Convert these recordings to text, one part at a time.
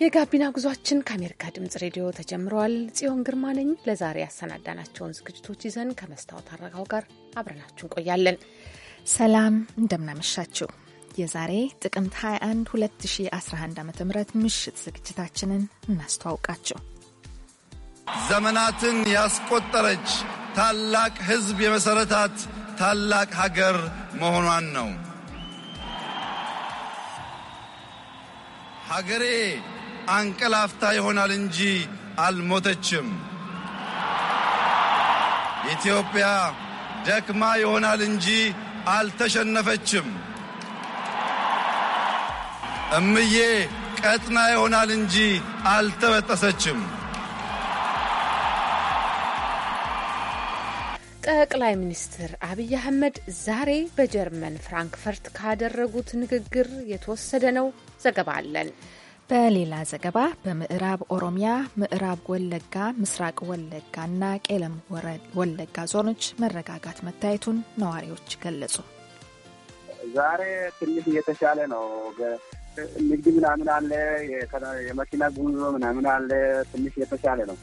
የጋቢና ጉዟችን ከአሜሪካ ድምጽ ሬዲዮ ተጀምረዋል። ጽዮን ግርማ ነኝ። ለዛሬ ያሰናዳናቸውን ዝግጅቶች ይዘን ከመስታወት አረጋው ጋር አብረናችሁ እንቆያለን። ሰላም እንደምናመሻችሁ። የዛሬ ጥቅምት 21 2011 ዓ ም ምሽት ዝግጅታችንን እናስተዋውቃችሁ። ዘመናትን ያስቆጠረች ታላቅ ሕዝብ የመሠረታት ታላቅ ሀገር መሆኗን ነው ሀገሬ አንቀላፍታ ይሆናል እንጂ አልሞተችም። ኢትዮጵያ ደክማ ይሆናል እንጂ አልተሸነፈችም። እምዬ ቀጥና ይሆናል እንጂ አልተበጠሰችም። ጠቅላይ ሚኒስትር አብይ አህመድ ዛሬ በጀርመን ፍራንክፈርት ካደረጉት ንግግር የተወሰደ ነው። ዘገባ አለን። በሌላ ዘገባ በምዕራብ ኦሮሚያ፣ ምዕራብ ወለጋ፣ ምስራቅ ወለጋ እና ቄለም ወለጋ ዞኖች መረጋጋት መታየቱን ነዋሪዎች ገለጹ። ዛሬ ትንሽ እየተሻለ ነው። ንግድ ምናምን አለ፣ የመኪና ጉዞ ምናምን አለ። ትንሽ እየተሻለ ነው።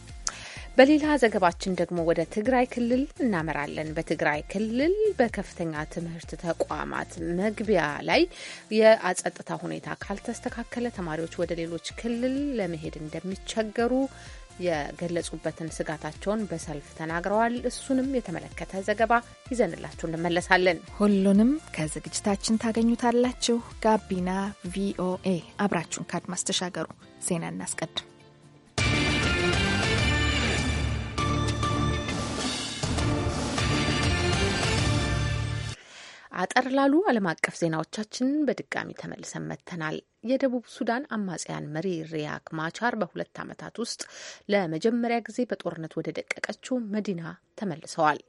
በሌላ ዘገባችን ደግሞ ወደ ትግራይ ክልል እናመራለን። በትግራይ ክልል በከፍተኛ ትምህርት ተቋማት መግቢያ ላይ የጸጥታ ሁኔታ ካልተስተካከለ ተማሪዎች ወደ ሌሎች ክልል ለመሄድ እንደሚቸገሩ የገለጹበትን ስጋታቸውን በሰልፍ ተናግረዋል። እሱንም የተመለከተ ዘገባ ይዘንላችሁ እንመለሳለን። ሁሉንም ከዝግጅታችን ታገኙታላችሁ። ጋቢና ቪኦኤ አብራችሁን ከአድማስ ተሻገሩ። ዜና እናስቀድም። አጠር ላሉ ዓለም አቀፍ ዜናዎቻችን በድጋሚ ተመልሰን መጥተናል። የደቡብ ሱዳን አማጽያን መሪ ሪያክ ማቻር በሁለት ዓመታት ውስጥ ለመጀመሪያ ጊዜ በጦርነት ወደ ደቀቀችው መዲና ተመልሰዋል።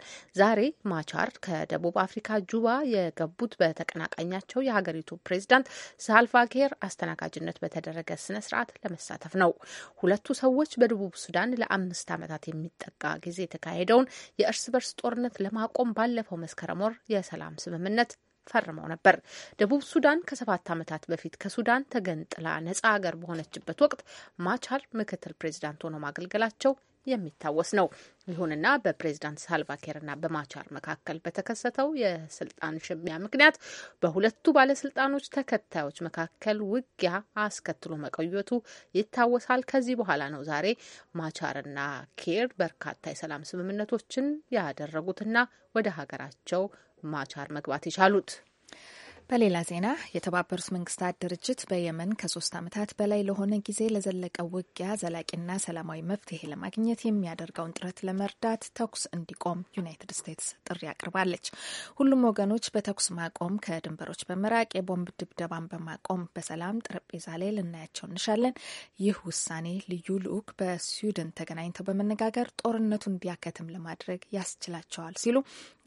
ዛሬ ማቻር ከደቡብ አፍሪካ ጁባ የገቡት በተቀናቃኛቸው የሀገሪቱ ፕሬዚዳንት ሳልቫኪር አስተናጋጅነት በተደረገ ስነ ስርዓት ለመሳተፍ ነው። ሁለቱ ሰዎች በደቡብ ሱዳን ለአምስት ዓመታት የሚጠጋ ጊዜ የተካሄደውን የእርስ በርስ ጦርነት ለማቆም ባለፈው መስከረም ወር የሰላም ስምምነት ፈርመው ነበር። ደቡብ ሱዳን ከሰባት ዓመታት በፊት ከሱዳን ተገንጥላ ነጻ ሀገር በሆነችበት ወቅት ማቻር ምክትል ፕሬዚዳንት ሆነው ማገልገላቸው የሚታወስ ነው። ይሁንና በፕሬዚዳንት ሳልቫኪርና በማቻር መካከል በተከሰተው የስልጣን ሽሚያ ምክንያት በሁለቱ ባለስልጣኖች ተከታዮች መካከል ውጊያ አስከትሎ መቆየቱ ይታወሳል። ከዚህ በኋላ ነው ዛሬ ማቻርና ኬር በርካታ የሰላም ስምምነቶችን ያደረጉትና ወደ ሀገራቸው ማቻር መግባት የቻሉት። በሌላ ዜና የተባበሩት መንግስታት ድርጅት በየመን ከሶስት ዓመታት በላይ ለሆነ ጊዜ ለዘለቀ ውጊያ ዘላቂና ሰላማዊ መፍትሄ ለማግኘት የሚያደርገውን ጥረት ለመርዳት ተኩስ እንዲቆም ዩናይትድ ስቴትስ ጥሪ አቅርባለች። ሁሉም ወገኖች በተኩስ ማቆም ከድንበሮች በመራቅ የቦምብ ድብደባን በማቆም በሰላም ጠረጴዛ ላይ ልናያቸው እንሻለን። ይህ ውሳኔ ልዩ ልዑክ በስዊድን ተገናኝተው በመነጋገር ጦርነቱ እንዲያከትም ለማድረግ ያስችላቸዋል ሲሉ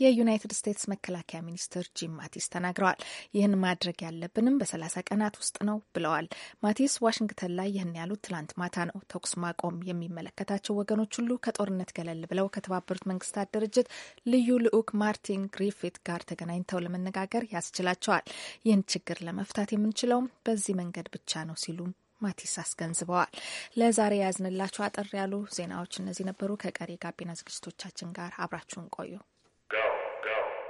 የዩናይትድ ስቴትስ መከላከያ ሚኒስትር ጂም ማቲስ ተናግረዋል። ይህን ማድረግ ያለብንም በሰላሳ ቀናት ውስጥ ነው ብለዋል። ማቲስ ዋሽንግተን ላይ ይህን ያሉት ትላንት ማታ ነው። ተኩስ ማቆም የሚመለከታቸው ወገኖች ሁሉ ከጦርነት ገለል ብለው ከተባበሩት መንግስታት ድርጅት ልዩ ልዑክ ማርቲን ግሪፊት ጋር ተገናኝተው ለመነጋገር ያስችላቸዋል። ይህን ችግር ለመፍታት የምንችለውም በዚህ መንገድ ብቻ ነው ሲሉም ማቲስ አስገንዝበዋል። ለዛሬ ያዝንላቸው አጠር ያሉ ዜናዎች እነዚህ ነበሩ። ከቀሪ ጋቢና ዝግጅቶቻችን ጋር አብራችሁን ቆዩ።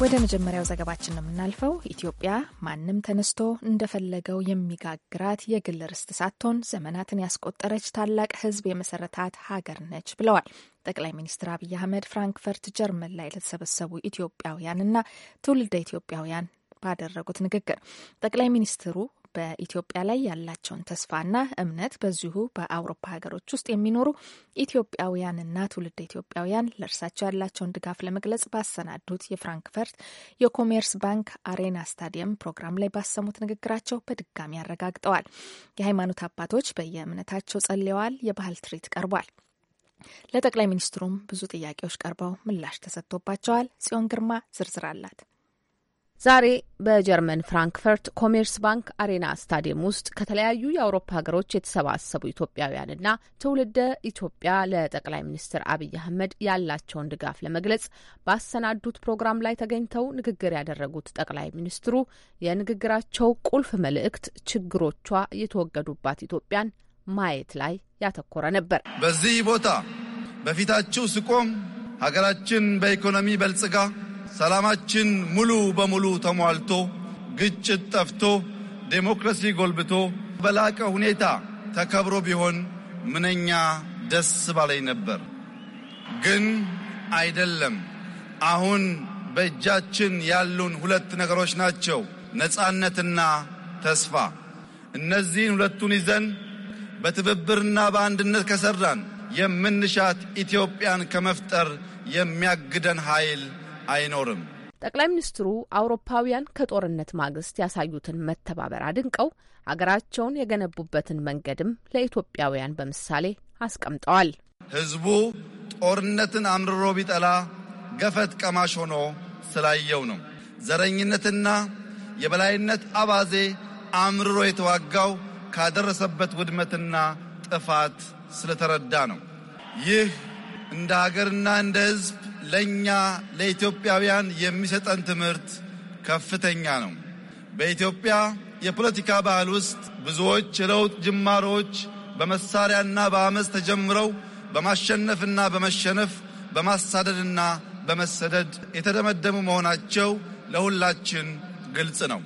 ወደ መጀመሪያው ዘገባችን ነው የምናልፈው። ኢትዮጵያ ማንም ተነስቶ እንደፈለገው የሚጋግራት የግል ርስት ሳትሆን ዘመናትን ያስቆጠረች ታላቅ ሕዝብ የመሰረታት ሀገር ነች ብለዋል ጠቅላይ ሚኒስትር አብይ አህመድ ፍራንክፈርት ጀርመን ላይ ለተሰበሰቡ ኢትዮጵያውያንና ትውልደ ኢትዮጵያውያን ባደረጉት ንግግር። ጠቅላይ ሚኒስትሩ በኢትዮጵያ ላይ ያላቸውን ተስፋና እምነት በዚሁ በአውሮፓ ሀገሮች ውስጥ የሚኖሩ ኢትዮጵያውያንና ትውልድ ኢትዮጵያውያን ለእርሳቸው ያላቸውን ድጋፍ ለመግለጽ ባሰናዱት የፍራንክፈርት የኮሜርስ ባንክ አሬና ስታዲየም ፕሮግራም ላይ ባሰሙት ንግግራቸው በድጋሚ አረጋግጠዋል። የሃይማኖት አባቶች በየእምነታቸው ጸልየዋል። የባህል ትርኢት ቀርቧል። ለጠቅላይ ሚኒስትሩም ብዙ ጥያቄዎች ቀርበው ምላሽ ተሰጥቶባቸዋል። ጽዮን ግርማ ዝርዝር አላት። ዛሬ በጀርመን ፍራንክፈርት ኮሜርስ ባንክ አሬና ስታዲየም ውስጥ ከተለያዩ የአውሮፓ ሀገሮች የተሰባሰቡ ኢትዮጵያውያንና ትውልደ ኢትዮጵያ ለጠቅላይ ሚኒስትር አብይ አህመድ ያላቸውን ድጋፍ ለመግለጽ ባሰናዱት ፕሮግራም ላይ ተገኝተው ንግግር ያደረጉት ጠቅላይ ሚኒስትሩ የንግግራቸው ቁልፍ መልእክት ችግሮቿ የተወገዱባት ኢትዮጵያን ማየት ላይ ያተኮረ ነበር። በዚህ ቦታ በፊታችሁ ስቆም ሀገራችን በኢኮኖሚ በልጽጋ ሰላማችን ሙሉ በሙሉ ተሟልቶ ግጭት ጠፍቶ ዴሞክራሲ ጎልብቶ በላቀ ሁኔታ ተከብሮ ቢሆን ምንኛ ደስ ባለኝ ነበር። ግን አይደለም። አሁን በእጃችን ያሉን ሁለት ነገሮች ናቸው፣ ነፃነትና ተስፋ። እነዚህን ሁለቱን ይዘን በትብብርና በአንድነት ከሰራን የምንሻት ኢትዮጵያን ከመፍጠር የሚያግደን ኃይል አይኖርም። ጠቅላይ ሚኒስትሩ አውሮፓውያን ከጦርነት ማግስት ያሳዩትን መተባበር አድንቀው አገራቸውን የገነቡበትን መንገድም ለኢትዮጵያውያን በምሳሌ አስቀምጠዋል። ህዝቡ ጦርነትን አምርሮ ቢጠላ ገፈት ቀማሽ ሆኖ ስላየው ነው። ዘረኝነትና የበላይነት አባዜ አምርሮ የተዋጋው ካደረሰበት ውድመትና ጥፋት ስለተረዳ ነው። ይህ እንደ ሀገርና እንደ ህዝብ ለእኛ ለኢትዮጵያውያን የሚሰጠን ትምህርት ከፍተኛ ነው። በኢትዮጵያ የፖለቲካ ባህል ውስጥ ብዙዎች የለውጥ ጅማሮዎች በመሳሪያና በአመፅ ተጀምረው በማሸነፍና በመሸነፍ በማሳደድና በመሰደድ የተደመደሙ መሆናቸው ለሁላችን ግልጽ ነው።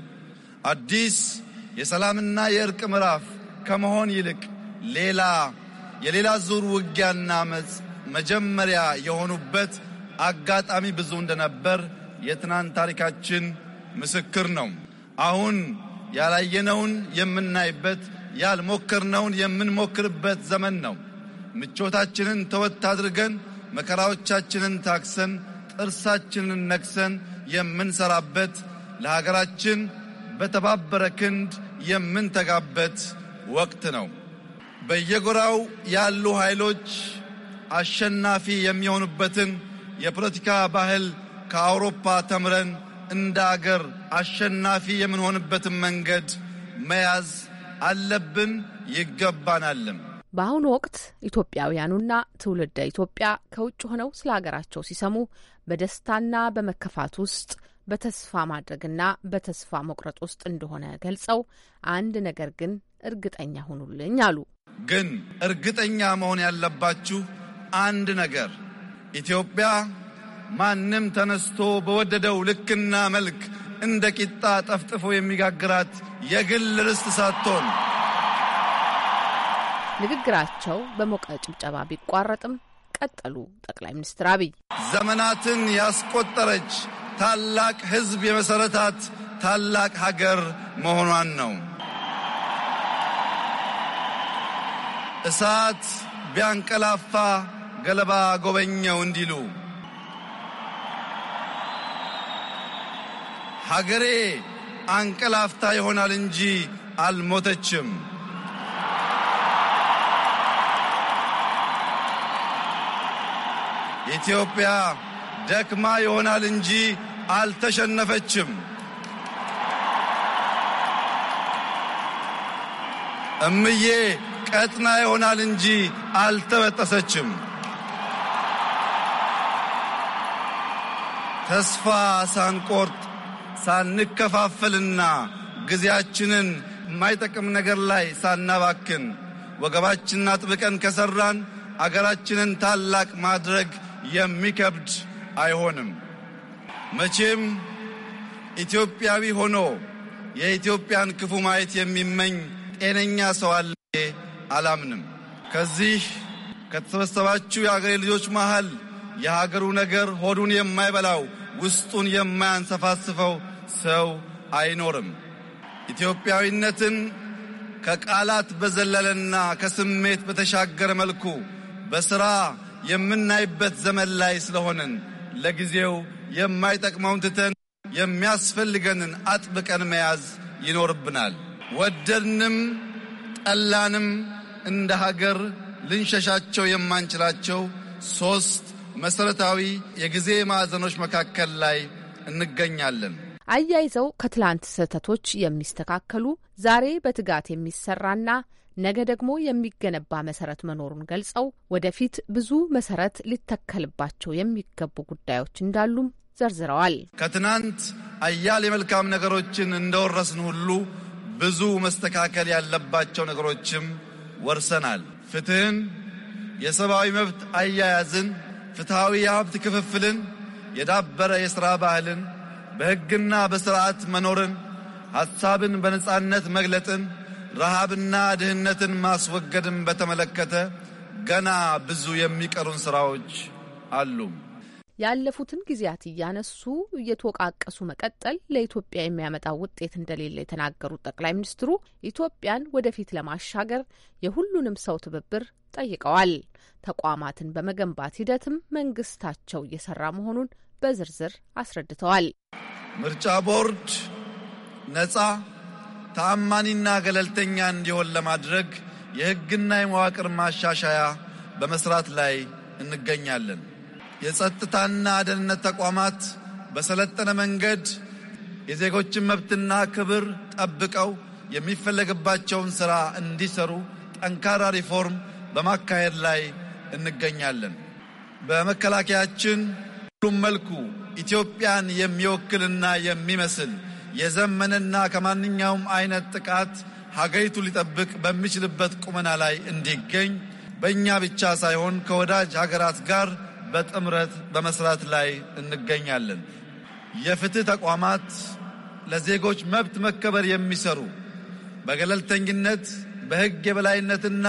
አዲስ የሰላምና የእርቅ ምዕራፍ ከመሆን ይልቅ ሌላ የሌላ ዙር ውጊያና አመፅ መጀመሪያ የሆኑበት አጋጣሚ ብዙ እንደነበር የትናንት ታሪካችን ምስክር ነው። አሁን ያላየነውን የምናይበት፣ ያልሞከርነውን የምንሞክርበት ዘመን ነው። ምቾታችንን ተወት አድርገን መከራዎቻችንን ታክሰን ጥርሳችንን ነክሰን የምንሰራበት ለሀገራችን በተባበረ ክንድ የምንተጋበት ወቅት ነው። በየጎራው ያሉ ኃይሎች አሸናፊ የሚሆኑበትን የፖለቲካ ባህል ከአውሮፓ ተምረን እንደ አገር አሸናፊ የምንሆንበትን መንገድ መያዝ አለብን ይገባናልም። በአሁኑ ወቅት ኢትዮጵያውያኑና ትውልደ ኢትዮጵያ ከውጭ ሆነው ስለ ሀገራቸው ሲሰሙ በደስታና በመከፋት ውስጥ በተስፋ ማድረግና በተስፋ መቁረጥ ውስጥ እንደሆነ ገልጸው አንድ ነገር ግን እርግጠኛ ሆኑልኝ አሉ። ግን እርግጠኛ መሆን ያለባችሁ አንድ ነገር ኢትዮጵያ ማንም ተነስቶ በወደደው ልክና መልክ እንደ ቂጣ ጠፍጥፎ የሚጋግራት የግል ርስት ሳትሆን ንግግራቸው በሞቀ ጭብጨባ ቢቋረጥም ቀጠሉ። ጠቅላይ ሚኒስትር አብይ ዘመናትን ያስቆጠረች ታላቅ ሕዝብ የመሠረታት ታላቅ ሀገር መሆኗን ነው። እሳት ቢያንቀላፋ ገለባ ጎበኛው እንዲሉ ሀገሬ አንቀላፍታ ይሆናል እንጂ አልሞተችም። ኢትዮጵያ ደክማ ይሆናል እንጂ አልተሸነፈችም። እምዬ ቀጥና ይሆናል እንጂ አልተበጠሰችም። ተስፋ ሳንቆርጥ ሳንከፋፈልና ጊዜያችንን የማይጠቅም ነገር ላይ ሳናባክን ወገባችንን አጥብቀን ከሠራን አገራችንን ታላቅ ማድረግ የሚከብድ አይሆንም። መቼም ኢትዮጵያዊ ሆኖ የኢትዮጵያን ክፉ ማየት የሚመኝ ጤነኛ ሰው አለ አላምንም። ከዚህ ከተሰበሰባችሁ የአገሬ ልጆች መሃል የሀገሩ ነገር ሆዱን የማይበላው ውስጡን የማያንሰፋስፈው ሰው አይኖርም። ኢትዮጵያዊነትን ከቃላት በዘለለና ከስሜት በተሻገረ መልኩ በሥራ የምናይበት ዘመን ላይ ስለሆንን ለጊዜው የማይጠቅመውን ትተን የሚያስፈልገንን አጥብቀን መያዝ ይኖርብናል። ወደድንም ጠላንም እንደ ሀገር ልንሸሻቸው የማንችላቸው ሦስት መሰረታዊ የጊዜ ማዕዘኖች መካከል ላይ እንገኛለን። አያይዘው ከትላንት ስህተቶች የሚስተካከሉ ዛሬ በትጋት የሚሰራና ነገ ደግሞ የሚገነባ መሰረት መኖሩን ገልጸው ወደፊት ብዙ መሰረት ሊተከልባቸው የሚገቡ ጉዳዮች እንዳሉም ዘርዝረዋል። ከትናንት አያሌ መልካም ነገሮችን እንደወረስን ሁሉ ብዙ መስተካከል ያለባቸው ነገሮችም ወርሰናል። ፍትህን፣ የሰብአዊ መብት አያያዝን ፍትሐዊ የሀብት ክፍፍልን፣ የዳበረ የሥራ ባህልን፣ በሕግና በሥርዓት መኖርን፣ ሐሳብን በነጻነት መግለጥን፣ ረሃብና ድህነትን ማስወገድን በተመለከተ ገና ብዙ የሚቀሩን ሥራዎች አሉ። ያለፉትን ጊዜያት እያነሱ እየተወቃቀሱ መቀጠል ለኢትዮጵያ የሚያመጣው ውጤት እንደሌለ የተናገሩት ጠቅላይ ሚኒስትሩ ኢትዮጵያን ወደፊት ለማሻገር የሁሉንም ሰው ትብብር ጠይቀዋል። ተቋማትን በመገንባት ሂደትም መንግስታቸው እየሰራ መሆኑን በዝርዝር አስረድተዋል። ምርጫ ቦርድ ነጻ ተአማኒና ገለልተኛ እንዲሆን ለማድረግ የሕግና የመዋቅር ማሻሻያ በመስራት ላይ እንገኛለን። የጸጥታና ደህንነት ተቋማት በሰለጠነ መንገድ የዜጎችን መብትና ክብር ጠብቀው የሚፈለግባቸውን ሥራ እንዲሰሩ ጠንካራ ሪፎርም በማካሄድ ላይ እንገኛለን። በመከላከያችን ሁሉም መልኩ ኢትዮጵያን የሚወክልና የሚመስል የዘመነና ከማንኛውም አይነት ጥቃት ሀገሪቱ ሊጠብቅ በሚችልበት ቁመና ላይ እንዲገኝ በእኛ ብቻ ሳይሆን ከወዳጅ ሀገራት ጋር በጥምረት በመስራት ላይ እንገኛለን። የፍትህ ተቋማት ለዜጎች መብት መከበር የሚሰሩ በገለልተኝነት በሕግ የበላይነትና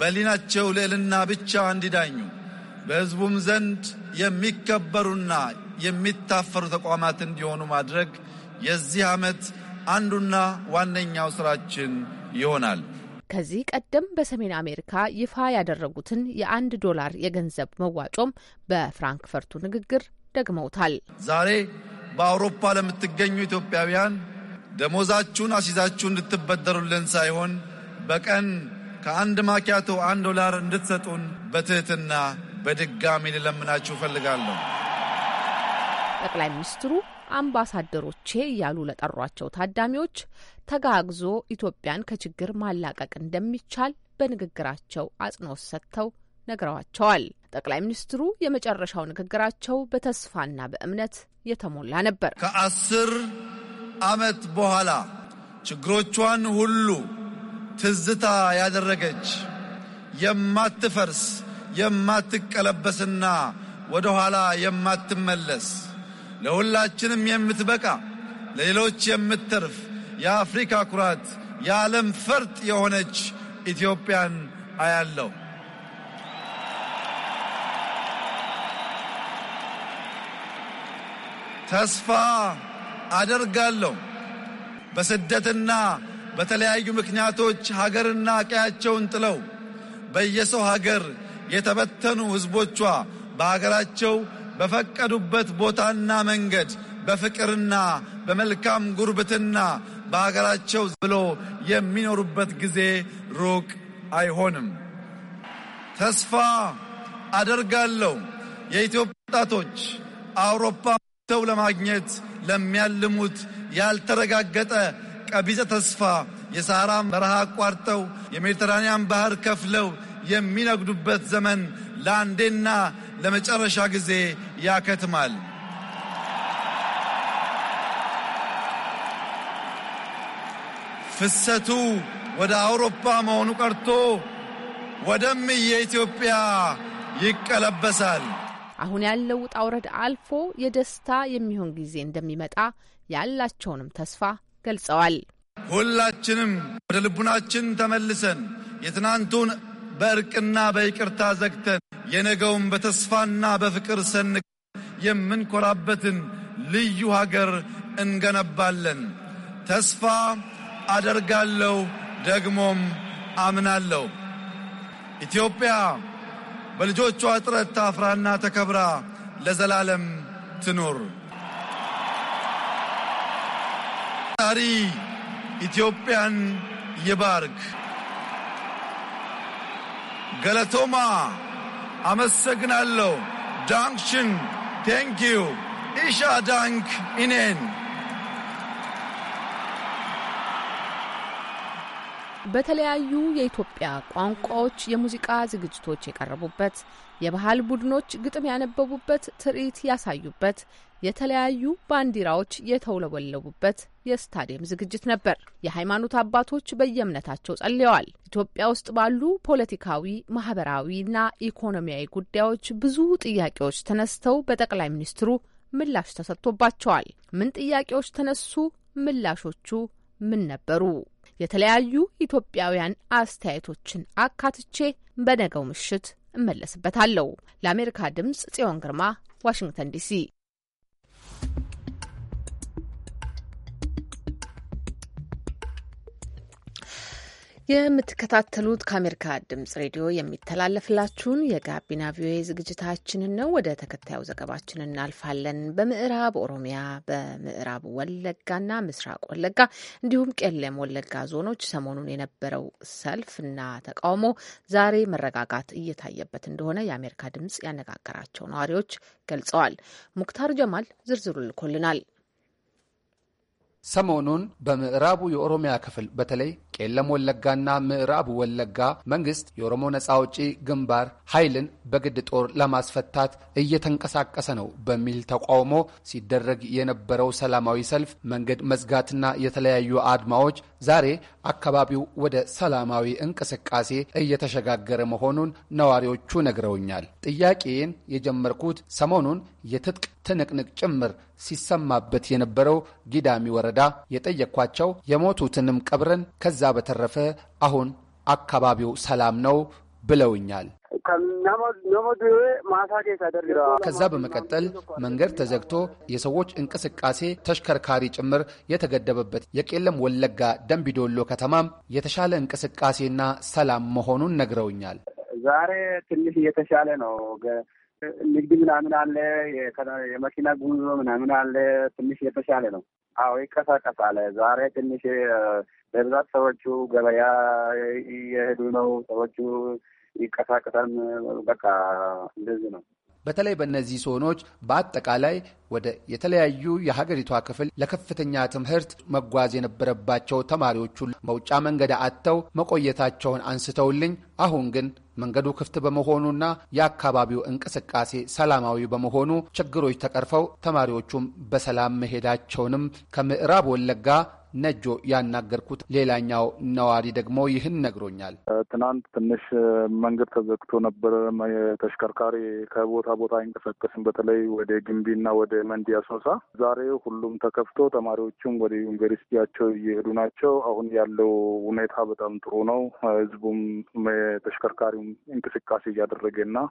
በሊናቸው ልዕልና ብቻ እንዲዳኙ በሕዝቡም ዘንድ የሚከበሩና የሚታፈሩ ተቋማት እንዲሆኑ ማድረግ የዚህ ዓመት አንዱና ዋነኛው ሥራችን ይሆናል። ከዚህ ቀደም በሰሜን አሜሪካ ይፋ ያደረጉትን የአንድ ዶላር የገንዘብ መዋጮም በፍራንክፈርቱ ንግግር ደግመውታል። ዛሬ በአውሮፓ ለምትገኙ ኢትዮጵያውያን ደሞዛችሁን አስይዛችሁ እንድትበደሩልን ሳይሆን በቀን ከአንድ ማኪያቶ አንድ ዶላር እንድትሰጡን በትህትና በድጋሚ ልለምናችሁ እፈልጋለሁ። ጠቅላይ ሚኒስትሩ አምባሳደሮቼ እያሉ ለጠሯቸው ታዳሚዎች ተጋግዞ ኢትዮጵያን ከችግር ማላቀቅ እንደሚቻል በንግግራቸው አጽንኦት ሰጥተው ነግረዋቸዋል። ጠቅላይ ሚኒስትሩ የመጨረሻው ንግግራቸው በተስፋና በእምነት የተሞላ ነበር። ከአስር ዓመት በኋላ ችግሮቿን ሁሉ ትዝታ ያደረገች የማትፈርስ የማትቀለበስና ወደ ኋላ የማትመለስ ለሁላችንም የምትበቃ ለሌሎች የምትተርፍ የአፍሪካ ኩራት፣ የዓለም ፈርጥ የሆነች ኢትዮጵያን አያለው። ተስፋ አደርጋለሁ በስደትና በተለያዩ ምክንያቶች ሀገርና ቀያቸውን ጥለው በየሰው ሀገር የተበተኑ ሕዝቦቿ በሀገራቸው በፈቀዱበት ቦታና መንገድ በፍቅርና በመልካም ጉርብትና በሀገራቸው ብሎ የሚኖሩበት ጊዜ ሩቅ አይሆንም። ተስፋ አደርጋለሁ የኢትዮጵያ ወጣቶች አውሮፓ ተው ለማግኘት ለሚያልሙት ያልተረጋገጠ ቀቢጸ ተስፋ የሳራ በረሃ አቋርጠው የሜዲተራንያን ባህር ከፍለው የሚነግዱበት ዘመን ለአንዴና ለመጨረሻ ጊዜ ያከትማል። ፍሰቱ ወደ አውሮፓ መሆኑ ቀርቶ ወደም የኢትዮጵያ ይቀለበሳል። አሁን ያለው ውጣ ውረድ አልፎ የደስታ የሚሆን ጊዜ እንደሚመጣ ያላቸውንም ተስፋ ገልጸዋል። ሁላችንም ወደ ልቡናችን ተመልሰን የትናንቱን በእርቅና በይቅርታ ዘግተን የነገውን በተስፋና በፍቅር ሰንቀን የምንኮራበትን ልዩ ሀገር እንገነባለን። ተስፋ አደርጋለሁ፣ ደግሞም አምናለሁ። ኢትዮጵያ በልጆቿ ጥረት ታፍራና ተከብራ ለዘላለም ትኖር ታሪ ኢትዮጵያን ይባርክ። ገለቶማ አመሰግናለሁ። ዳንክሽን ቴንኪዩ ኢሻ ዳንክ ኢኔን በተለያዩ የኢትዮጵያ ቋንቋዎች የሙዚቃ ዝግጅቶች የቀረቡበት፣ የባህል ቡድኖች ግጥም ያነበቡበት፣ ትርኢት ያሳዩበት፣ የተለያዩ ባንዲራዎች የተውለበለቡበት የስታዲየም ዝግጅት ነበር። የሃይማኖት አባቶች በየእምነታቸው ጸልየዋል። ኢትዮጵያ ውስጥ ባሉ ፖለቲካዊ፣ ማህበራዊና ኢኮኖሚያዊ ጉዳዮች ብዙ ጥያቄዎች ተነስተው በጠቅላይ ሚኒስትሩ ምላሽ ተሰጥቶባቸዋል። ምን ጥያቄዎች ተነሱ? ምላሾቹ ምን ነበሩ? የተለያዩ ኢትዮጵያውያን አስተያየቶችን አካትቼ በነገው ምሽት እመለስበታለሁ። ለአሜሪካ ድምጽ ጽዮን ግርማ ዋሽንግተን ዲሲ የምትከታተሉት ከአሜሪካ ድምጽ ሬዲዮ የሚተላለፍላችሁን የጋቢና ቪኦኤ ዝግጅታችንን ነው። ወደ ተከታዩ ዘገባችን እናልፋለን። በምዕራብ ኦሮሚያ በምዕራብ ወለጋና ምስራቅ ወለጋ እንዲሁም ቄለም ወለጋ ዞኖች ሰሞኑን የነበረው ሰልፍና ተቃውሞ ዛሬ መረጋጋት እየታየበት እንደሆነ የአሜሪካ ድምጽ ያነጋገራቸው ነዋሪዎች ገልጸዋል። ሙክታር ጀማል ዝርዝሩ ልኮልናል። ሰሞኑን በምዕራቡ የኦሮሚያ ክፍል በተለይ ቄለም ወለጋና ምዕራብ ወለጋ መንግስት የኦሮሞ ነጻ አውጪ ግንባር ኃይልን በግድ ጦር ለማስፈታት እየተንቀሳቀሰ ነው በሚል ተቃውሞ ሲደረግ የነበረው ሰላማዊ ሰልፍ፣ መንገድ መዝጋትና የተለያዩ አድማዎች ዛሬ አካባቢው ወደ ሰላማዊ እንቅስቃሴ እየተሸጋገረ መሆኑን ነዋሪዎቹ ነግረውኛል። ጥያቄን የጀመርኩት ሰሞኑን የትጥቅ ትንቅንቅ ጭምር ሲሰማበት የነበረው ጊዳሚ ወረዳ የጠየቅኳቸው የሞቱትንም ቀብረን ከዛ በተረፈ አሁን አካባቢው ሰላም ነው ብለውኛል። ከዛ በመቀጠል መንገድ ተዘግቶ የሰዎች እንቅስቃሴ ተሽከርካሪ ጭምር የተገደበበት የቄለም ወለጋ ደንቢዶሎ ከተማም የተሻለ እንቅስቃሴና ሰላም መሆኑን ነግረውኛል። ዛሬ ትንሽ እየተሻለ ነው። ንግድ ምናምን አለ፣ የመኪና ጉዞ ምናምን አለ። ትንሽ የተሻለ ነው። አዎ ይንቀሳቀሳል ዛሬ ትንሽ በብዛት ሰዎቹ ገበያ እየሄዱ ነው። ሰዎቹ ይቀሳቀሳል። በቃ እንደዚህ ነው። በተለይ በእነዚህ ዞኖች በአጠቃላይ ወደ የተለያዩ የሀገሪቷ ክፍል ለከፍተኛ ትምህርት መጓዝ የነበረባቸው ተማሪዎቹ መውጫ መንገድ አጥተው መቆየታቸውን አንስተውልኝ፣ አሁን ግን መንገዱ ክፍት በመሆኑና የአካባቢው እንቅስቃሴ ሰላማዊ በመሆኑ ችግሮች ተቀርፈው ተማሪዎቹም በሰላም መሄዳቸውንም ከምዕራብ ወለጋ ነጆ ያናገርኩት ሌላኛው ነዋሪ ደግሞ ይህን ነግሮኛል። ትናንት ትንሽ መንገድ ተዘግቶ ነበር። ተሽከርካሪ ከቦታ ቦታ አይንቀሳቀስም። በተለይ ወደ ግንቢ እና ወደ መንዲ አሶሳ። ዛሬ ሁሉም ተከፍቶ ተማሪዎቹም ወደ ዩኒቨርሲቲያቸው እየሄዱ ናቸው። አሁን ያለው ሁኔታ በጣም ጥሩ ነው። ህዝቡም ተሽከርካሪም እንቅስቃሴ እያደረገ ና።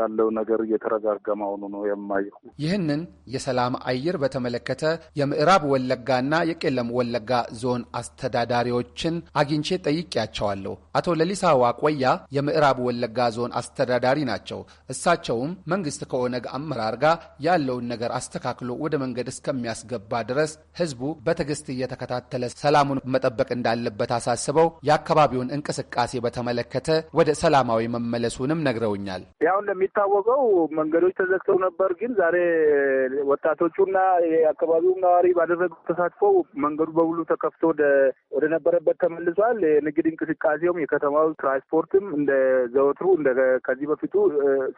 ያለው ነገር እየተረጋጋ መሆኑ ነው የማየው። ይህንን የሰላም አየር በተመለከተ የምዕራብ ወለጋና የቄለም ወለጋ ዞን አስተዳዳሪዎችን አግኝቼ ጠይቄያቸዋለሁ። አቶ ለሊሳ ዋቆያ የምዕራብ ወለጋ ዞን አስተዳዳሪ ናቸው። እሳቸውም መንግስት ከኦነግ አመራር ጋር ያለውን ነገር አስተካክሎ ወደ መንገድ እስከሚያስገባ ድረስ ህዝቡ በትዕግስት እየተከታተለ ሰላሙን መጠበቅ እንዳለበት አሳስበው የአካባቢውን እንቅስቃሴ በተመለከተ ወደ ሰላማዊ መመለሱንም ነግረውኛል። እንደሚታወቀው መንገዶች ተዘግተው ነበር። ግን ዛሬ ወጣቶቹና የአካባቢውም ነዋሪ ባደረገው ተሳትፎ መንገዱ በሙሉ ተከፍቶ ወደ ነበረበት ተመልሷል። የንግድ እንቅስቃሴውም የከተማው ትራንስፖርትም እንደ ዘወትሩ እንደ ከዚህ በፊቱ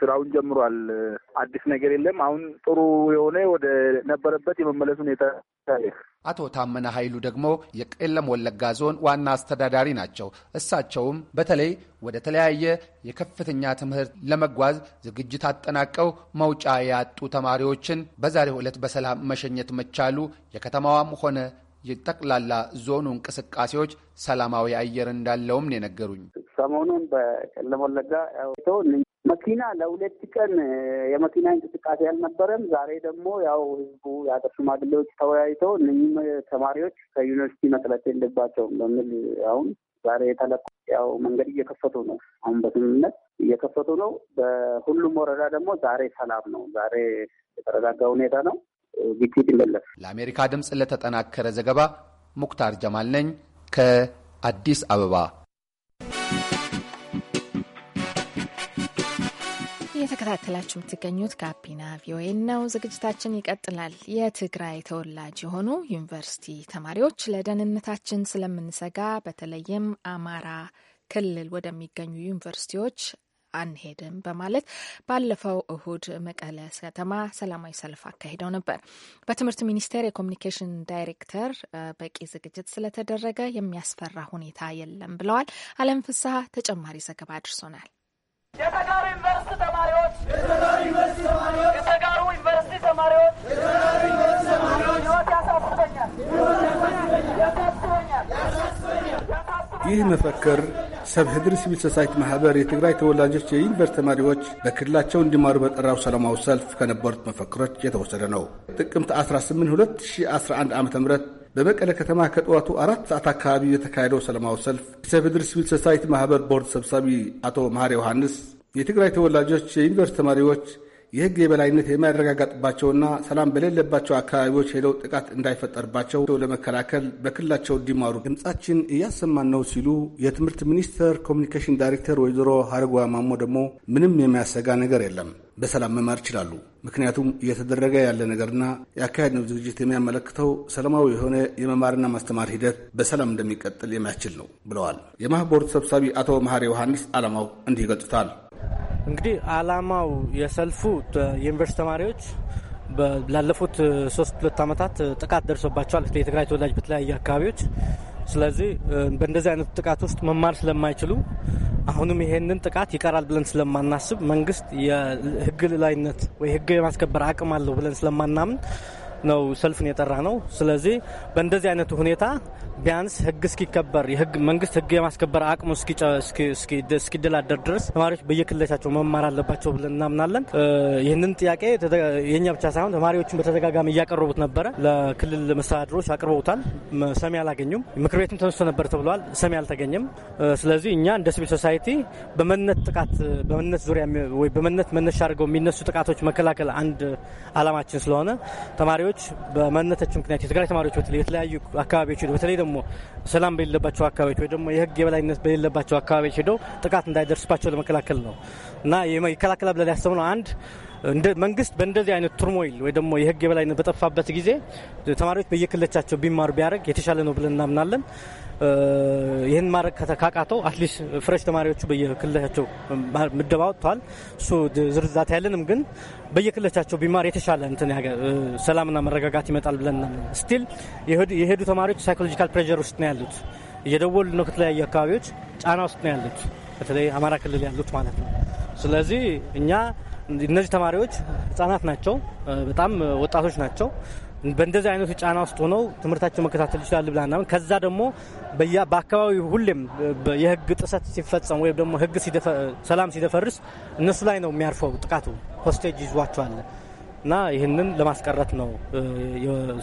ስራውን ጀምሯል። አዲስ ነገር የለም። አሁን ጥሩ የሆነ ወደ ነበረበት የመመለስ ሁኔታ አቶ ታመነ ኃይሉ ደግሞ የቄለም ወለጋ ዞን ዋና አስተዳዳሪ ናቸው። እሳቸውም በተለይ ወደ ተለያየ የከፍተኛ ትምህርት ለመጓዝ ዝግጅት አጠናቀው መውጫ ያጡ ተማሪዎችን በዛሬው ዕለት በሰላም መሸኘት መቻሉ የከተማዋም ሆነ የጠቅላላ ዞኑ እንቅስቃሴዎች ሰላማዊ አየር እንዳለውም ነው የነገሩኝ። ሰሞኑን በቄለም ወለጋ ያው መኪና ለሁለት ቀን የመኪና እንቅስቃሴ አልነበረም። ዛሬ ደግሞ ያው ህዝቡ የአገር ሽማግሌዎች ተወያይተው እነኝም ተማሪዎች ከዩኒቨርሲቲ መቅረት የለባቸውም በሚል አሁን ዛሬ የተለቁ ያው መንገድ እየከፈቱ ነው። አሁን በስምምነት እየከፈቱ ነው። በሁሉም ወረዳ ደግሞ ዛሬ ሰላም ነው። ዛሬ የተረጋጋ ሁኔታ ነው። ግጭት የለም። ለአሜሪካ ድምፅ ለተጠናከረ ዘገባ ሙክታር ጀማል ነኝ ከአዲስ አበባ እየተከታተላችሁ የምትገኙት ጋቢና ቪኦኤ ነው። ዝግጅታችን ይቀጥላል። የትግራይ ተወላጅ የሆኑ ዩኒቨርሲቲ ተማሪዎች ለደህንነታችን ስለምንሰጋ በተለይም አማራ ክልል ወደሚገኙ ዩኒቨርሲቲዎች አንሄድም በማለት ባለፈው እሁድ መቀለ ከተማ ሰላማዊ ሰልፍ አካሂደው ነበር። በትምህርት ሚኒስቴር የኮሚኒኬሽን ዳይሬክተር በቂ ዝግጅት ስለተደረገ የሚያስፈራ ሁኔታ የለም ብለዋል። አለም ፍስሀ ተጨማሪ ዘገባ አድርሶናል። ይህ መፈክር ሰብሕ ድር ሲቪል ሶሳይቲ ማህበር የትግራይ ተወላጆች የዩኒቨርስ ተማሪዎች በክልላቸው እንዲማሩ በጠራው ሰላማዊ ሰልፍ ከነበሩት መፈክሮች የተወሰደ ነው። ጥቅምት 18 2011 ዓ ም በመቀለ ከተማ ከጠዋቱ አራት ሰዓት አካባቢ የተካሄደው ሰላማዊ ሰልፍ የሰብድር ሲቪል ሶሳይቲ ማህበር ቦርድ ሰብሳቢ አቶ መሐሪ ዮሐንስ፣ የትግራይ ተወላጆች፣ የዩኒቨርስቲ ተማሪዎች የህግ የበላይነት የማይረጋገጥባቸውና ሰላም በሌለባቸው አካባቢዎች ሄደው ጥቃት እንዳይፈጠርባቸው ለመከላከል በክልላቸው እንዲማሩ ድምጻችን እያሰማን ነው ሲሉ የትምህርት ሚኒስቴር ኮሚኒኬሽን ዳይሬክተር ወይዘሮ ሀረጓ ማሞ ደግሞ ምንም የሚያሰጋ ነገር የለም፣ በሰላም መማር ይችላሉ። ምክንያቱም እየተደረገ ያለ ነገርና ያካሄድነው ዝግጅት የሚያመለክተው ሰላማዊ የሆነ የመማርና ማስተማር ሂደት በሰላም እንደሚቀጥል የሚያስችል ነው ብለዋል። የማህበሩ ሰብሳቢ አቶ መሐሪ ዮሐንስ አላማው እንዲህ ይገልጹታል። እንግዲህ አላማው የሰልፉ የዩኒቨርስቲ ተማሪዎች ላለፉት ሶስት ሁለት ዓመታት ጥቃት ደርሶባቸዋል የትግራይ ተወላጅ በተለያዩ አካባቢዎች። ስለዚህ በእንደዚህ አይነት ጥቃት ውስጥ መማር ስለማይችሉ አሁንም ይሄንን ጥቃት ይቀራል ብለን ስለማናስብ መንግስት የህግ ልላይነት ወይ ህግ የማስከበር አቅም አለው ብለን ስለማናምን ነው ሰልፍን የጠራ ነው። ስለዚህ በእንደዚህ አይነት ሁኔታ ቢያንስ ህግ እስኪከበር መንግስት ህግ የማስከበር አቅሙ እስኪደላደር ድረስ ተማሪዎች በየክልላቸው መማር አለባቸው ብለን እናምናለን። ይህንን ጥያቄ የእኛ ብቻ ሳይሆን ተማሪዎችን በተደጋጋሚ እያቀረቡት ነበረ። ለክልል መስተዳድሮች አቅርበውታል። ሰሚ አላገኙም። ምክር ቤትም ተነስቶ ነበር ተብለዋል። ሰሚ አልተገኘም። ስለዚህ እኛ እንደ ሲቪል ሶሳይቲ በመነት ጥቃት በመነት ዙሪያ ወይ በመነት መነሻ አድርገው የሚነሱ ጥቃቶች መከላከል አንድ አላማችን ስለሆነ ተማሪዎች ተማሪዎች በማንነታቸው ምክንያት የትግራይ ተማሪዎች በተለይ የተለያዩ አካባቢዎች ሄደው በተለይ ደግሞ ሰላም በሌለባቸው አካባቢዎች ወይ ደግሞ የህግ የበላይነት በሌለባቸው አካባቢዎች ሄደው ጥቃት እንዳይደርስባቸው ለመከላከል ነው እና ይከላከላ ብለን ያሰብነው አንድ መንግስት በእንደዚህ አይነት ቱርሞይል ወይ ደግሞ የህግ የበላይነት በጠፋበት ጊዜ ተማሪዎች በየክለቻቸው ቢማሩ ቢያደርግ የተሻለ ነው ብለን እናምናለን። ይህን ማድረግ ካቃተው አትሊስት ፍረሽ ተማሪዎቹ በየክለቻቸው ምደባ ወጥተዋል። እሱ ዝርዛት ያለንም ግን በየክለቻቸው ቢማር የተሻለ እንትን ሰላምና መረጋጋት ይመጣል ብለን እናምናለን። ስቲል የሄዱ ተማሪዎች ሳይኮሎጂካል ፕሬዠር ውስጥ ነው ያሉት። እየደወሉ ነው። ከተለያዩ አካባቢዎች ጫና ውስጥ ነው ያሉት፣ በተለይ አማራ ክልል ያሉት ማለት ነው። ስለዚህ እኛ እነዚህ ተማሪዎች ህጻናት ናቸው፣ በጣም ወጣቶች ናቸው። በእንደዚህ አይነቱ ጫና ውስጥ ሆነው ትምህርታቸው መከታተል ይችላል ናምን። ከዛ ደግሞ በአካባቢ ሁሌም የህግ ጥሰት ሲፈጸም ወይም ደግሞ ህግ ሰላም ሲደፈርስ እነሱ ላይ ነው የሚያርፈው ጥቃቱ ሆስቴጅ ይዟቸዋል። እና ይህንን ለማስቀረት ነው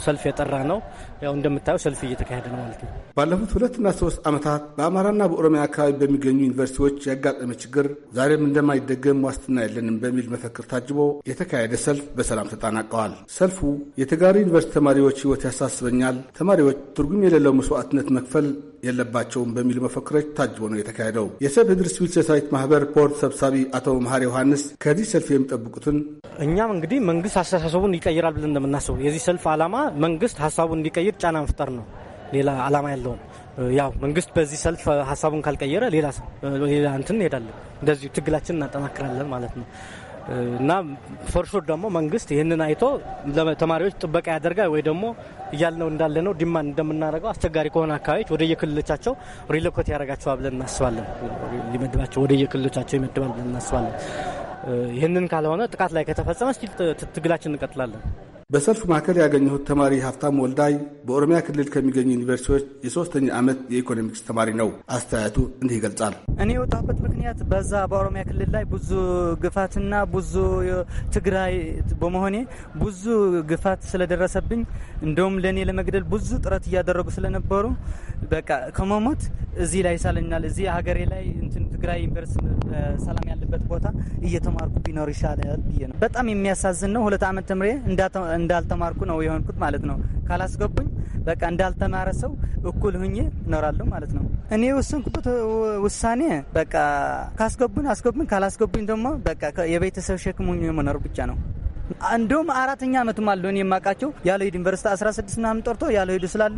ሰልፍ የጠራ ነው። ያው እንደምታየው ሰልፍ እየተካሄደ ነው ማለት ነው። ባለፉት ሁለትና ሶስት ዓመታት በአማራና በኦሮሚያ አካባቢ በሚገኙ ዩኒቨርሲቲዎች ያጋጠመ ችግር ዛሬም እንደማይደገም ዋስትና የለንም በሚል መፈክር ታጅቦ የተካሄደ ሰልፍ በሰላም ተጠናቀዋል። ሰልፉ የተጋሩ ዩኒቨርሲቲ ተማሪዎች ህይወት ያሳስበኛል፣ ተማሪዎች ትርጉም የሌለው መስዋዕትነት መክፈል የለባቸውም በሚል መፈክሮች ታጅቦ ነው የተካሄደው። የሰብ ህድር ሲቪል ሶሳይቲ ማህበር ቦርድ ሰብሳቢ አቶ መሀር ዮሐንስ ከዚህ ሰልፍ የሚጠብቁትን እኛም እንግዲህ መንግስት አስተሳሰቡን ይቀይራል ብለን እንደምናስበው የዚህ ሰልፍ ዓላማ መንግስት ሀሳቡን እንዲቀይር ጫና መፍጠር ነው። ሌላ አላማ ያለውም ያው መንግስት በዚህ ሰልፍ ሀሳቡን ካልቀየረ ሌላ እንትን እንሄዳለን። እንደዚሁ ትግላችን እናጠናክራለን ማለት ነው። እና ፈርሹር ደግሞ መንግስት ይህንን አይቶ ተማሪዎች ጥበቃ ያደርጋል ወይ ደግሞ እያልነው እንዳለ ነው ዲማን እንደምናደርገው አስቸጋሪ ከሆነ አካባቢዎች ወደ የክልሎቻቸው ሪሎኮት ያደርጋቸዋል ብለን እናስባለን። ሊመድባቸው ወደ የክልሎቻቸው ይመድባል ብለን እናስባለን። ይህንን ካልሆነ ጥቃት ላይ ከተፈጸመ ትግላችን እንቀጥላለን። በሰልፍ ማዕከል ያገኘሁት ተማሪ ሀብታም ወልዳይ በኦሮሚያ ክልል ከሚገኙ ዩኒቨርሲቲዎች የሶስተኛ ዓመት የኢኮኖሚክስ ተማሪ ነው። አስተያየቱ እንዲህ ይገልጻል። እኔ የወጣሁበት ምክንያት በዛ በኦሮሚያ ክልል ላይ ብዙ ግፋትና ብዙ ትግራይ በመሆኔ ብዙ ግፋት ስለደረሰብኝ እንደውም ለእኔ ለመግደል ብዙ ጥረት እያደረጉ ስለነበሩ በቃ ከመሞት እዚህ ላይ ይሳለኛል። እዚህ ሀገሬ ላይ እንትን ትግራይ ዩኒቨርስቲ ሰላም ያለበት ቦታ እየተማርኩ ቢኖር ይሻላል ብዬ ነው። በጣም የሚያሳዝን ነው። ሁለት ዓመት ተምሬ እንዳልተማርኩ ነው የሆንኩት ማለት ነው። ካላስገቡኝ በቃ እንዳልተማረ ሰው እኩል ሁኜ እኖራለሁ ማለት ነው። እኔ የወሰንኩበት ውሳኔ በቃ ካስገቡኝ አስገቡኝ፣ ካላስገቡኝ ደግሞ በቃ የቤተሰብ ሸክሙ መኖር ብቻ ነው። እንዲሁም አራተኛ ዓመትም አለው እኔ የማውቃቸው ያለው ዩኒቨርሲቲ 16 ምናምን ጠርቶ ያለው ሄዱ ስላሉ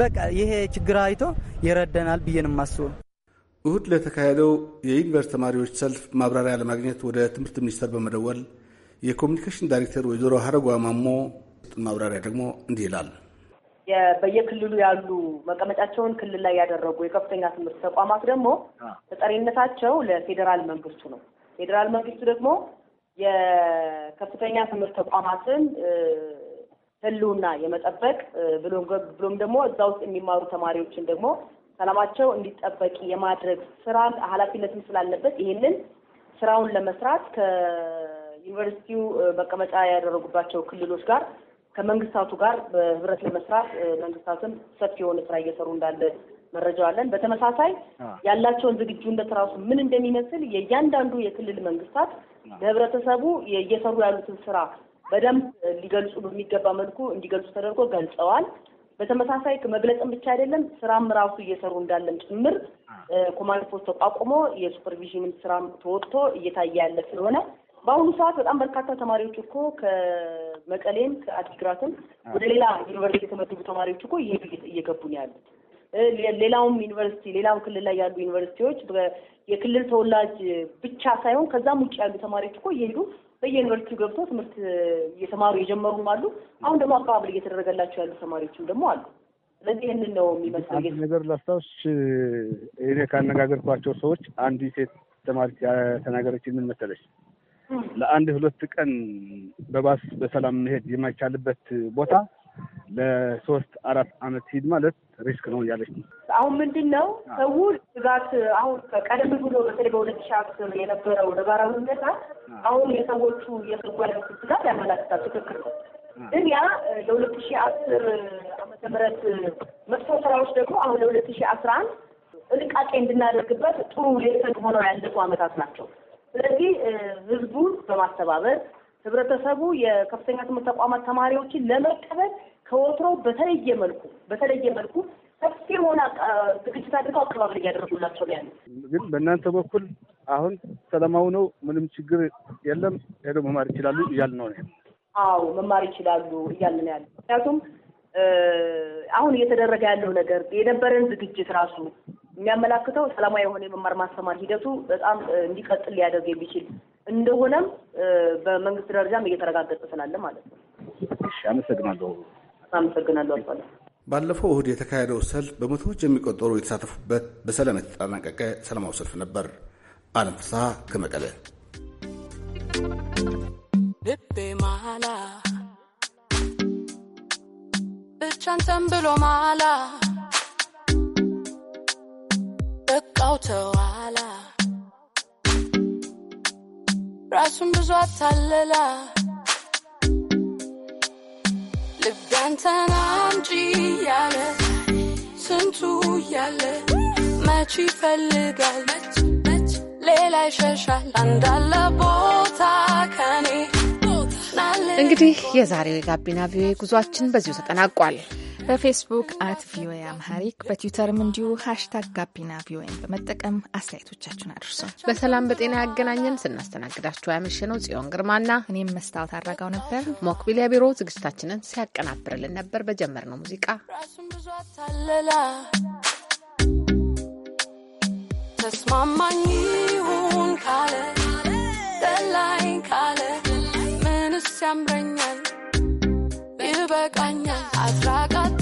በቃ ይሄ ችግር አይቶ ይረደናል ብዬ ነው የማስበው። እሁድ ለተካሄደው የዩኒቨርስቲ ተማሪዎች ሰልፍ ማብራሪያ ለማግኘት ወደ ትምህርት ሚኒስቴር በመደወል የኮሚኒኬሽን ዳይሬክተር ወይዘሮ ሀረጓ ማሞ ማብራሪያ ደግሞ እንዲህ ይላል። በየክልሉ ያሉ መቀመጫቸውን ክልል ላይ ያደረጉ የከፍተኛ ትምህርት ተቋማት ደግሞ ተጠሪነታቸው ለፌዴራል መንግስቱ ነው። ፌዴራል መንግስቱ ደግሞ የከፍተኛ ትምህርት ተቋማትን ህልውና የመጠበቅ ብሎም ደግሞ እዛ ውስጥ የሚማሩ ተማሪዎችን ደግሞ ሰላማቸው እንዲጠበቅ የማድረግ ስራ ኃላፊነትም ስላለበት ይህንን ስራውን ለመስራት ዩኒቨርሲቲው መቀመጫ ያደረጉባቸው ክልሎች ጋር ከመንግስታቱ ጋር በህብረት ለመስራት መንግስታትም ሰፊ የሆነ ስራ እየሰሩ እንዳለ መረጃዋለን። አለን። በተመሳሳይ ያላቸውን ዝግጁነት ራሱ ምን እንደሚመስል የእያንዳንዱ የክልል መንግስታት ለህብረተሰቡ እየሰሩ ያሉትን ስራ በደንብ ሊገልጹ በሚገባ መልኩ እንዲገልጹ ተደርጎ ገልጸዋል። በተመሳሳይ መግለጽም ብቻ አይደለም ስራም ራሱ እየሰሩ እንዳለም ጭምር ኮማንድ ፖስት ተቋቁሞ የሱፐርቪዥን ስራም ተወጥቶ እየታየ ያለ ስለሆነ በአሁኑ ሰዓት በጣም በርካታ ተማሪዎች እኮ ከመቀሌም ከአዲግራትም ወደ ሌላ ዩኒቨርሲቲ የተመደቡ ተማሪዎች እኮ እየገቡ ነው ያሉት። ሌላውም ዩኒቨርሲቲ ሌላውም ክልል ላይ ያሉ ዩኒቨርሲቲዎች የክልል ተወላጅ ብቻ ሳይሆን ከዛም ውጭ ያሉ ተማሪዎች እኮ እየሄዱ በየዩኒቨርሲቲው ገብቶ ትምህርት እየተማሩ የጀመሩም አሉ። አሁን ደግሞ አቀባበል እየተደረገላቸው ያሉ ተማሪዎችም ደግሞ አሉ። ስለዚህ ይህንን ነው የሚመስለው። አንድ ነገር ላስታውስ፣ እኔ ካነጋገርኳቸው ሰዎች አንዲት ሴት ተማሪ ተናገረች። ምን መሰለች? ለአንድ ሁለት ቀን በባስ በሰላም መሄድ የማይቻልበት ቦታ ለሶስት አራት አመት ሂድ ማለት ሪስክ ነው እያለች ነው። አሁን ምንድን ነው ሰው ስጋት አሁን ቀደም ብሎ በተለይ በሁለት ሺ አስር የነበረው ነባራዊ ሁኔታ አሁን የሰዎቹ የሰው ያሉት ስጋት ያመላክታል። ትክክል ነው። ግን ያ ለሁለት ሺ አስር አመተ ምህረት መጥፎ ስራዎች ደግሞ አሁን ለሁለት ሺ አስራ አንድ ጥንቃቄ እንድናደርግበት ጥሩ ሌሰን ሆነው ያለፉ አመታት ናቸው። ስለዚህ ህዝቡን በማስተባበር ህብረተሰቡ የከፍተኛ ትምህርት ተቋማት ተማሪዎችን ለመቀበል ከወትሮ በተለየ መልኩ በተለየ መልኩ ሰፊ የሆነ ዝግጅት አድርገው አካባቢ እያደረጉላቸው ያለ ግን በእናንተ በኩል አሁን ሰላማዊ ነው፣ ምንም ችግር የለም፣ ሄደው መማር ይችላሉ እያል ነው። አዎ መማር ይችላሉ እያል ነው ያለ። ምክንያቱም አሁን እየተደረገ ያለው ነገር የነበረን ዝግጅት ራሱ የሚያመላክተው ሰላማዊ የሆነ የመማር ማስተማር ሂደቱ በጣም እንዲቀጥል ሊያደርግ የሚችል እንደሆነም በመንግስት ደረጃም እየተረጋገጠ ስላለ ማለት ነው። አመሰግናለሁ። አመሰግናለሁ። አባለ ባለፈው እሁድ የተካሄደው ሰልፍ በመቶዎች የሚቆጠሩ የተሳተፉበት በሰላም የተጠናቀቀ ሰላማዊ ሰልፍ ነበር። አለም ፍስሐ ከመቀለ ልቤ ማላ ብቻንተን ብሎ ማላ በቃው ተዋላ ራሱን ብዙ አታለላ ልባንተን አምጪ እያለ ስንቱ እያለ መች ይፈልጋል ሌላ ይሸሻል አንዳለ ቦታ ከኔ እንግዲህ የዛሬው የጋቢና ቪዮኤ ጉዟችን በዚሁ ተጠናቋል። በፌስቡክ አት ቪኦኤ አምሃሪክ በትዊተርም እንዲሁ ሀሽታግ ጋቢና ቪኦኤን በመጠቀም አስተያየቶቻችሁን አድርሶ በሰላም በጤና ያገናኘን። ስናስተናግዳችሁ ያመሸነው ጽዮን ግርማና እኔም መስታወት አድረጋው ነበር። ሞክቢሊያ ቢሮ ዝግጅታችንን ሲያቀናብርልን ነበር። በጀመርነው ሙዚቃ ተስማማኝ ይሁን ካለ ካለ ምንስ ያምረኛል? ይበቃኛል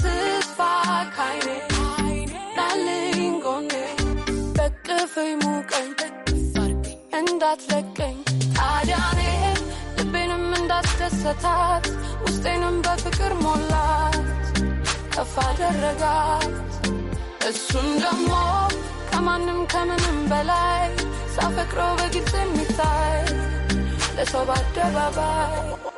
እንዳትለቀኝ ታዲያ እኔ ልቤንም ውስጤንም በፍቅር ሞላት ከፍ አደረጋት እሱን ደግሞ ከማንም ከምንም በላይ ሳፈቅረው በግልጽ የሚታይ ለሰው በአደባባይ